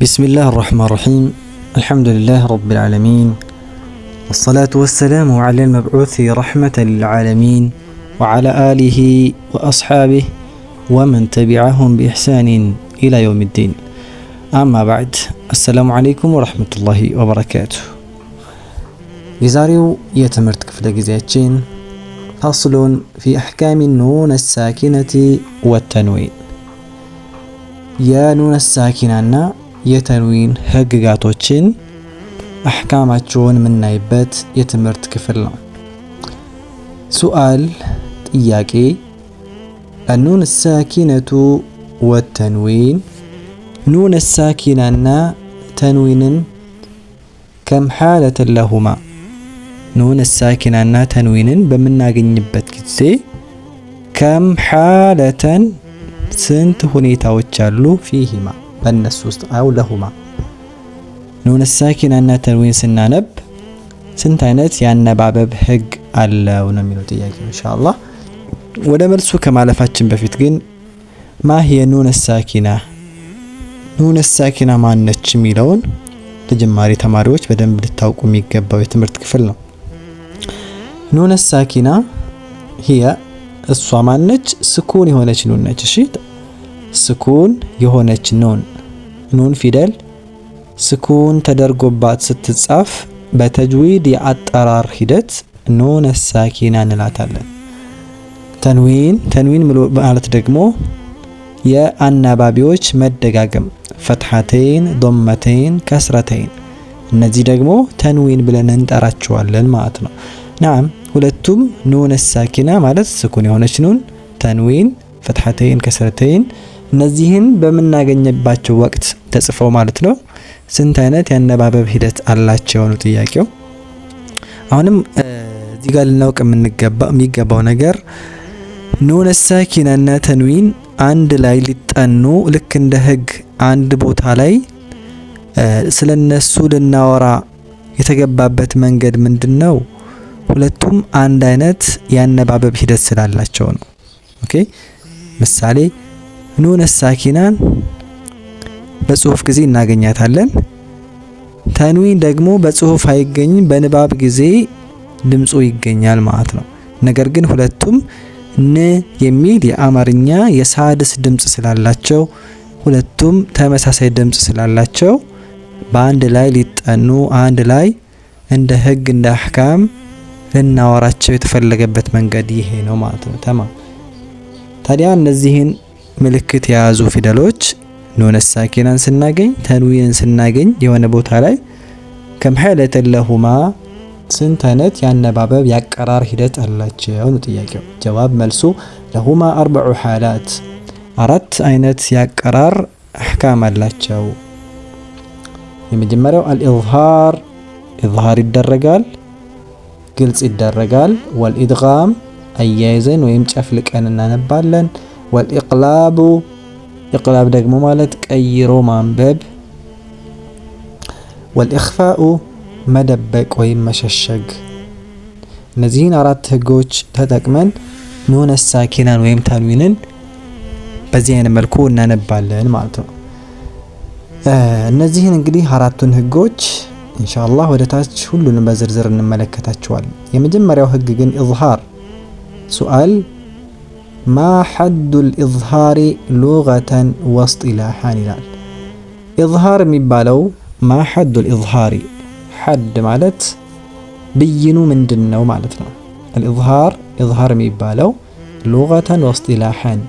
بسم الله الرحمن الرحيم الحمد لله رب العالمين والصلاة والسلام على المبعوث رحمة للعالمين وعلى آله وأصحابه ومن تبعهم بإحسان إلى يوم الدين أما بعد السلام عليكم ورحمة الله وبركاته የዛሬው يتمرت ክፍለ ጊዜያችን فصل في أحكام النون الساكنة والتنوين يا نون الساكنة የተንዊን ህግጋቶችን አሕካማቸውን የምናይበት የትምህርት ክፍል ነው። ሱአል ጥያቄ፣ አኑን ሳኪነቱ ወተንዊን ኑን ሳኪናና ተንዊንን ከም ሓለተ ለሁማ ኑን ሳኪናና ተንዊንን በምናገኝበት ጊዜ ከም ሓለተን ስንት ሁኔታዎች አሉ ፊሂማ በእነሱ ውስጥ አው ለሁማ ኑን ሳኪናና ተንዊን ስናነብ ስንት አይነት የአነባበብ ህግ አለው ነው የሚለው ጥያቄ እንሻ ወደ መልሱ ከማለፋችን በፊት ግን ማህ የኑን ሳኪና ኑን ሳኪና ማነች የሚለውን ተጀማሪ ተማሪዎች በደንብ ልታውቁ የሚገባው የትምህርት ክፍል ነው። ኑን ሳኪና ሂያ እሷ ማነች? ስኩን የሆነች ኑን ነች። እሺ ስኩን የሆነች ኑን ኑን ፊደል ስኩን ተደርጎባት ስትጻፍ በተጅዊድ የአጠራር ሂደት ኑን ሳኪና እንላታለን። ተንዊን ተንዊን ማለት ደግሞ የአናባቢዎች መደጋገም ፈትሐቴን፣ ዶመቴን፣ ከስረተይን እነዚህ ደግሞ ተንዊን ብለን እንጠራቸዋለን ማለት ነው። ናም ሁለቱም ኑን ሳኪና ማለት ስኩን የሆነች ኑን ተንዊን ፈትሐቴን ከስረቴን እነዚህን በምናገኝባቸው ወቅት ተጽፈው ማለት ነው። ስንት አይነት የአነባበብ ሂደት አላቸው ነው ጥያቄው። አሁንም እዚህ ጋር ልናውቅ የሚገባው ነገር ኑነ ሳኪና እና ተንዊን አንድ ላይ ሊጠኑ ልክ እንደ ህግ አንድ ቦታ ላይ ስለ እነሱ ልናወራ የተገባበት መንገድ ምንድን ነው? ሁለቱም አንድ አይነት የአነባበብ ሂደት ስላላቸው ነው። ኦኬ ምሳሌ ኑነ ሳኪናን በጽሁፍ ጊዜ እናገኛታለን። ተንዊን ደግሞ በጽሁፍ አይገኝም፣ በንባብ ጊዜ ድምፁ ይገኛል ማለት ነው። ነገር ግን ሁለቱም ን የሚል የአማርኛ የሳድስ ድምፅ ስላላቸው ሁለቱም ተመሳሳይ ድምፅ ስላላቸው በአንድ ላይ ሊጠኑ አንድ ላይ እንደ ህግ እንደ አህካም ልናወራቸው የተፈለገበት መንገድ ይሄ ነው ማለት ነው። ተማ ታዲያ እነዚህን ምልክት የያዙ ፊደሎች ኑነ ሳኪናን ስናገኝ ተንዊንን ስናገኝ የሆነ ቦታ ላይ ከምሐለተ ለሁማ ስንት አይነት ያነባበብ ያቀራር ሂደት አላቸው ነው ጥያቄው። ጀዋብ መልሱ ለሁማ አርበዑ ሓላት አራት አይነት ያቀራር አሕካም አላቸው። የመጀመሪያው አልኢዝሃር ኢዝሃር ይደረጋል፣ ግልጽ ይደረጋል። ወልኢድጋም አያይዘን ወይም ጨፍልቀን እናነባለን። ወልኢቅላቡ ኢቅላብ ደግሞ ማለት ቀይሮ ማንበብ፣ ወልኢኽፋኡ መደበቅ ወይም መሸሸግ። እነዚህን አራት ህጎች ተጠቅመን ኑነ ሳኪናን ወይም ተንዊንን በዚህ አይነት መልኩ እናነባለን ማለት ነው። እነዚህን እንግዲህ አራቱን ህጎች ኢንሻአላህ ወደ ታች ሁሉንም በዝርዝር እንመለከታቸዋለን። የመጀመሪያው ህግ ግን ኢዝሃር ሱአል ማ ሐዱል ኢዝሃሪ ሉገተን ወስጢላሓን ይላል። ኢዝሃር የሚባለው ማ ሐዱል ኢዝሃሪ ሐድ ማለት ብይኑ ምንድን ነው ማለት ነው። አልኢዝሃር ኢዝሃር የሚባለው ሉገተን ወስጢላሓን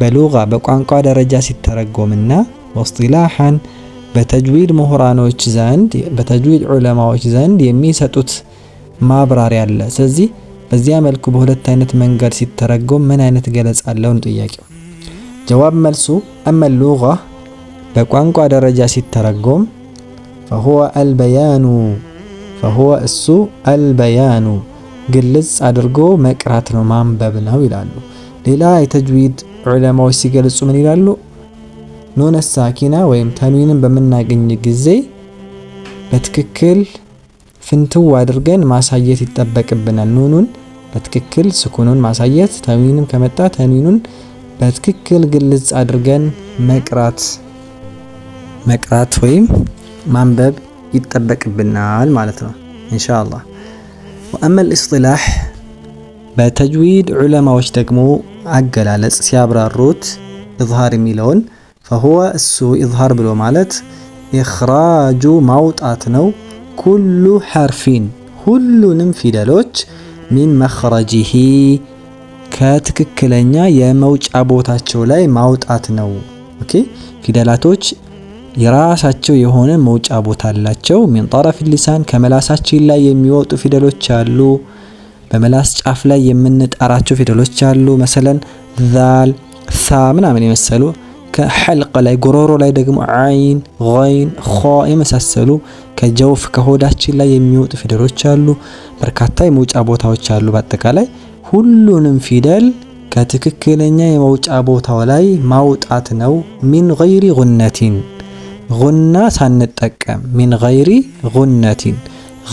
በሉጋ በቋንቋ ደረጃ ሲተረጎምና ወስጢላሓን በተጅዊድ ምሁራኖች ዘንድ በተጅዊድ ዑለማዎች ዘንድ የሚሰጡት ማብራሪያ አለ። ስለዚህ በዚያ መልኩ በሁለት አይነት መንገድ ሲተረጎም ምን አይነት ገለጻ አለው ነው ጥያቄው። ጀዋብ መልሱ አመል በቋንቋ ደረጃ ሲተረጎም فهو البيان فهو እሱ አልበያኑ ግልጽ አድርጎ መቅራት ነው ማንበብ ነው ይላሉ። ሌላ የተጅዊድ ዑለማዎች ሲገልጹ ምን ይላሉ? ኑነ ወይም ተንዊንን በምናገኝ ጊዜ በትክክል ፍንትው አድርገን ማሳየት ይጠበቅብናል። ኑኑን በትክክል ስኩኑን ማሳየት፣ ተንዊንም ከመጣ ተሚኑን በትክክል ግልጽ አድርገን መቅራት መቅራት ወይም ማንበብ ይጠበቅብናል ማለት ነው ኢንሻአላህ። ወአመል ኢስጢላህ በተጅዊድ ዑለማዎች ደግሞ አገላለጽ ሲያብራሩት ኢዝሃር የሚለውን ፈሁወ እሱ ኢዝሃር ብሎ ማለት ኢኽራጁ ማውጣት ነው። ኩሉ ሐርፊን ሁሉንም ፊደሎች ሚን መኽረጂሂ ከትክክለኛ የመውጫ ቦታቸው ላይ ማውጣት ነው። ኦኬ ፊደላቶች የራሳቸው የሆነ መውጫ ቦታ አላቸው። ሚን ጠረፍ ሊሳን ከመላሳችን ላይ የሚወጡ ፊደሎች አሉ። በመላስ ጫፍ ላይ የምንጠራቸው ፊደሎች አሉ። መሰለን ዛል ሳ ምናምን የመሰሉ ከሐልቅ ላይ ጎሮሮ ላይ ደግሞ ዓይን፣ ይን፣ ኸ የመሳሰሉ ከጀውፍ ከሆዳችን ላይ የሚወጡ ፊደሎች አሉ። በርካታ የመውጫ ቦታዎች አሉ። በአጠቃላይ ሁሉንም ፊደል ከትክክለኛ የመውጫ ቦታው ላይ ማውጣት ነው። ሚን ገይሪ ጉነቲን ጉና ሳንጠቀም ሚን ገይሪ ጉነቲን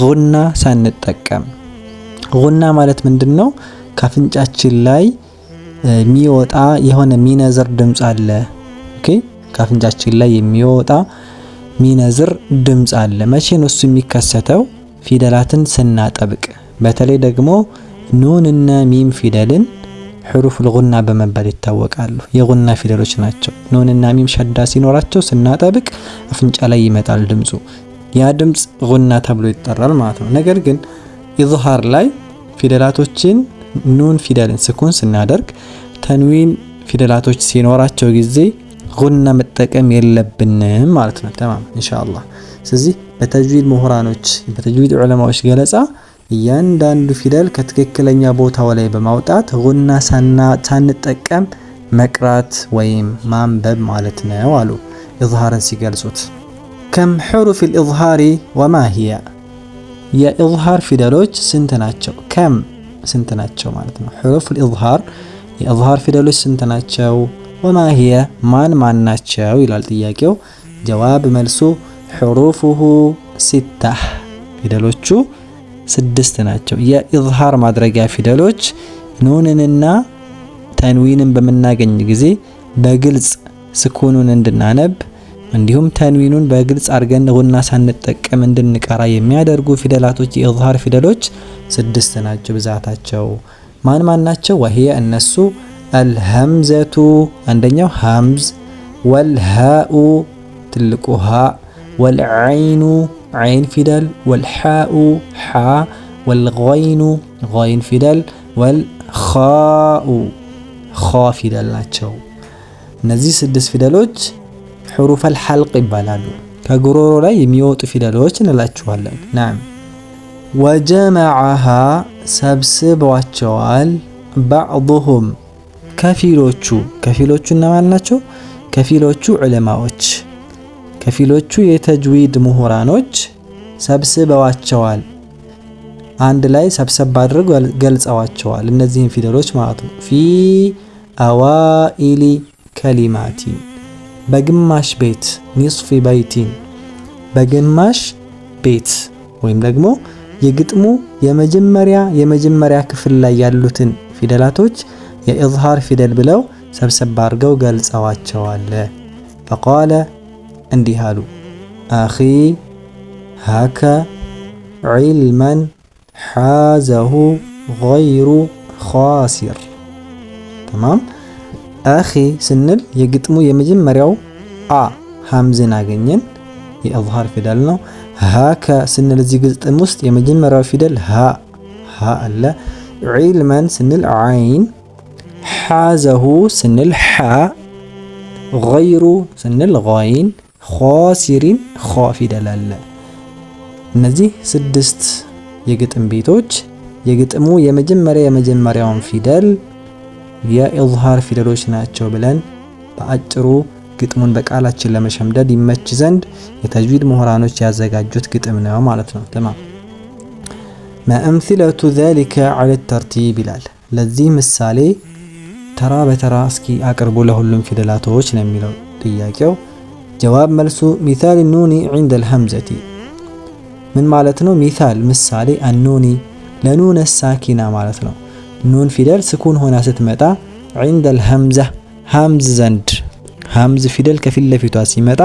ጉና ሳንጠቀም። ጉና ማለት ምንድን ነው? ከአፍንጫችን ላይ የሚወጣ የሆነ ሚነዘር ድምፅ አለ። ኦኬ ካፍንጫችን ላይ የሚወጣ ሚነዝር ድምፅ አለ። መቼ ነው እሱ የሚከሰተው? ፊደላትን ስናጠብቅ፣ በተለይ ደግሞ ኑን እና ሚም ፊደልን ሕሩፍ ልጉና በመባል ይታወቃሉ። የጉና ፊደሎች ናቸው። ኑን ሚም ሸዳ ሲኖራቸው ስናጠብቅ አፍንጫ ላይ ይመጣል ድምፁ። ያ ድምፅ ጉና ተብሎ ይጠራል ማለት ነው። ነገር ግን ኢዝሃር ላይ ፊደላቶችን ኑን ፊደልን ስኩን ስናደርግ ተንዊን ፊደላቶች ሲኖራቸው ጊዜ ጉና መጠቀም የለብንም ማለት ነው። ተማም ኢንሻአላህ። ስለዚህ በተጅዊድ ምሁራኖች በተጅዊድ ዑለማዎች ገለጻ እያንዳንዱ ፊደል ከትክክለኛ ቦታው ላይ በማውጣት ጉና ሳንጠቀም መቅራት ወይም ማንበብ ማለት ነው አሉ። ኢዝሃርን ሲገልጹት ከም ሕሩፍ ልኢዝሃሪ ወማ ሂያ የኢዝሃር ፊደሎች ስንት ናቸው? ከም ስንት ናቸው ማለት ነው። ሕሩፍ ልኢዝሃር የኢዝሃር ፊደሎች ስንት ናቸው? ወማህየ ማን ማን ናቸው ይላል ጥያቄው። ጀዋብ መልሱ ሕሩፉሁ ሲታህ ፊደሎቹ ስድስት ናቸው። የኢዝሃር ማድረጊያ ፊደሎች ኑንንና ተንዊንን በምናገኝ ጊዜ በግልጽ ስኩኑን እንድናነብ እንዲሁም ተንዊኑን በግልጽ አድርገን ጉና ሳንጠቀም እንድንቀራ የሚያደርጉ ፊደላቶች የኢዝሃር ፊደሎች ስድስት ናቸው ብዛታቸው። ማን ማን ናቸው? ወህየ እነሱ አልሀምዘቱ አንደኛው ሀምዝ፣ ወልሃኡ ትልቁ ሃ ወልዐይኑ ዓይን ፊደል፣ ወልሓኡ ሓ፣ ወልይኑ ይን ፊደል፣ ወልኻኡ ኻ ፊደል ናቸው። እነዚህ ስድስት ፊደሎች ሕሩፈል ሐልቅ ይባላሉ። ከጉሮሮ ላይ የሚወጡ ፊደሎች እንላችኋለን። ናም ወጀመዐሃ ሰብስቧቸዋል። ባዕضሁም ከፊሎቹ ከፊሎቹ እነማን ናቸው? ከፊሎቹ ዑለማዎች ከፊሎቹ የተጅዊድ ምሁራኖች ሰብስበዋቸዋል። አንድ ላይ ሰብሰብ አድርገው ገልጸዋቸዋል። እነዚህን ፊደሎች ማለት ነው። ፊ አዋኢሊ ከሊማቲን በግማሽ ቤት ኒስፊ በይቲን በግማሽ ቤት ወይም ደግሞ የግጥሙ የመጀመሪያ የመጀመሪያ ክፍል ላይ ያሉትን ፊደላቶች የኢዝሃር ፊደል ብለው ሰብሰብ አድርገው ገልጸዋቸዋል። ፈቃለ እንዲህ አሉ፣ አኺ ሃከ ዒልመን ሓዘሁ ገይሩ ኻሲር። ተማም አኺ ስንል የግጥሙ የመጀመሪያው አ ሐምዝን አገኘን፣ የኢዝሃር ፊደል ነው። ሃከ ስንል እዚህ ግጥም ውስጥ የመጀመሪያው ፊደል ሃ ሃ አለ። ዒልመን ስንል ዓይን ሓዘሁ ስንል ሓ ገይሩ ስንል ይን ኻሲሪን ኻ ፊደል አለ። እነዚህ ስድስት የግጥም ቤቶች የግጥሙ የመጀመሪያ የመጀመሪያውን ፊደል የኢዝሃር ፊደሎች ናቸው ብለን በአጭሩ ግጥሙን በቃላችን ለመሸምደድ ይመች ዘንድ የተጅዊድ ምሁራኖች ያዘጋጁት ግጥም ነው ማለት ነው። ተማም መእምሲለቱ ዛሊከ ዐለ ተርቲብ ይላል። ለዚህ ምሳሌ ተራ በተራ እስኪ አቅርቡ ለሁሉም ፊደላቶች ነው የሚለው ጥያቄው። ጀዋብ መልሱ ሚታል ኑኒ ዒንደ ሐምዘቲ ምን ማለት ነው? ሚታል ምሳሌ፣ አኑኒ ለኑን ሳኪና ማለት ነው። ኑን ፊደል ስኩን ሆና ስትመጣ ዒንደ ልሐምዘ ሐምዝ ዘንድ ሐምዝ ፊደል ከፊት ለፊቷ ሲመጣ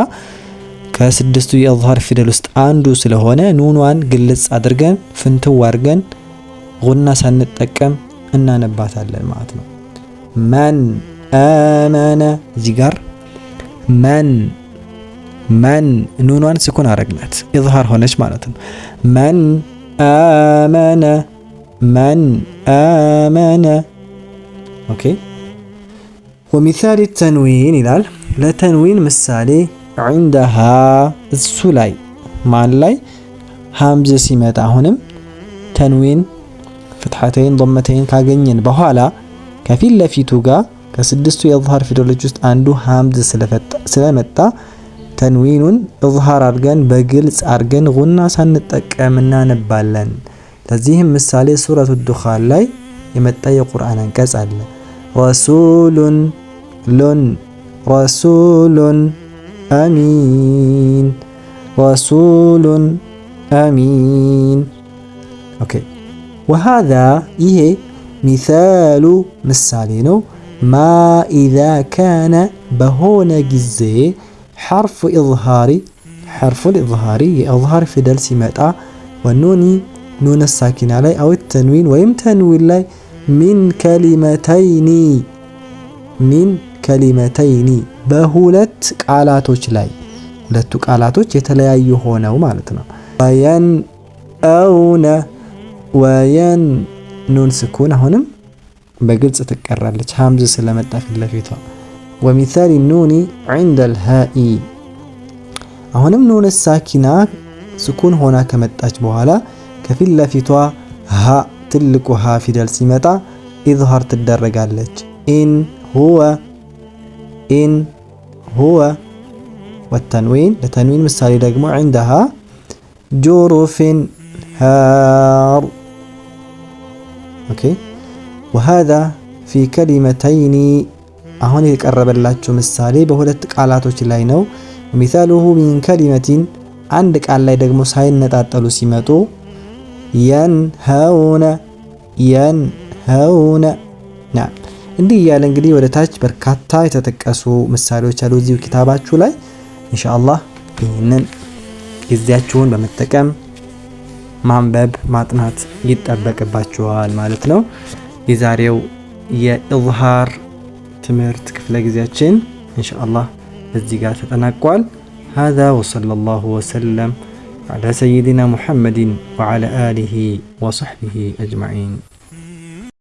ከስድስቱ የአዝሃር ፊደል ውስጥ አንዱ ስለሆነ ኑኗን ግልጽ አድርገን ፍንትው አድርገን ጉና ሳንጠቀም እናነባታለን ማለት ነው። መን አመነ እዚህ ጋር መን መን ኑኗን ስኩን አረግናት ኢዝሃር ሆነች ማለት ነው። መን አመነ መን አመነ ኦኬ። ወሚሳሊ ተንዊን ይላል። ለተንዊን ምሳሌ ዒንደሃ እሱ ላይ ማን ላይ ሀምዝ ሲመጣ አሁንም ተንዊን ፍትሐተይን ዶመተይን ካገኘን በኋላ ከፊት ለፊቱ ጋር ከስድስቱ የኢዝሃር ፊደሎች ውስጥ አንዱ ሀምዝ ስለመጣ ተንዊኑን ኢዝሃር አድርገን በግልጽ አድርገን ጉና ሳንጠቀም እናነባለን። ለዚህም ምሳሌ ሱረቱ ዱኻን ላይ የመጣ የቁርአን አንቀጽ አለ። ረሱሉን ሉን ረሱሉን አሚን ረሱሉን አሚን ኦኬ ወሃዛ ይሄ ሚሳሉ ምሳሌ ነው። ማ ኢዛ ካነ በሆነ ጊዜ ሐርፍ ኢዝሃሪ ሐርፉል ኢዝሃሪ የኢዝሃር ፊደል ሲመጣ ወኑኒ ኑነ ሳኪና ላይ አው ተንዊን ወይም ተንዊን ላይ ሚን ከሊመተይኒ ሚን ከሊመተይኒ በሁለት ቃላቶች ላይ ሁለቱ ቃላቶች የተለያዩ ሆነው ማለት ነው። ወየን አውነ ወየን ኑን ስኩን አሁንም በግልጽ ትቀራለች ሀምዝ ስለመጣ ፊት ለፊቷ። ወሚሳል ኑኒ ዒንደል ሃኢ አሁንም ኑን ሳኪና ስኩን ሆና ከመጣች በኋላ ከፊት ለፊቷ ሃ ትልቁ ሃ ፊደል ሲመጣ ኢዝሃር ትደረጋለች። ኢን ሁወ ኢን ሁወ ወተንዊን ለተንዊን ምሳሌ ደግሞ ዒንደሃ ጆሮፊን ሃር ኦኬ ወሃዛ ፊ ከሊመተይኒ አሁን የቀረበላቸው ምሳሌ በሁለት ቃላቶች ላይ ነው። ሚሳሉሁ ሚን ከሊመቲን አንድ ቃል ላይ ደግሞ ሳይነጣጠሉ ሲመጡ የንሀውነ የንሀውነ ና እንዲህ እያለ እንግዲህ ወደ ታች በርካታ የተጠቀሱ ምሳሌዎች አሉ እዚሁ ኪታባችሁ ላይ ኢንሻአላህ። ይህንን ጊዜያችሁን በመጠቀም ማንበብ ማጥናት ይጠበቅባችኋል ማለት ነው። የዛሬው የኢዝሃር ትምህርት ክፍለ ጊዜያችን ኢንሻአላህ እዚህ ጋር ተጠናቋል። هذا وصلى الله وسلم على سيدنا محمد وعلى آله وصحبه أجمعين